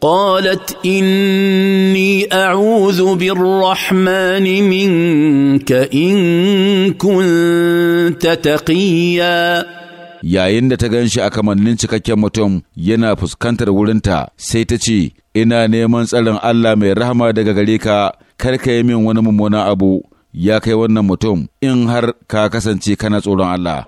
قالت اني اعوذ بالرحمن منك ان كنت تقيا yayin da ta gan shi a kamannin cikakken mutum yana fuskantar wurinta sai ta ce ina neman tsarin Allah mai rahama daga gare ka kar ka yi min wani mummunan abu ya kai wannan mutum in har ka kasance kana tsoron Allah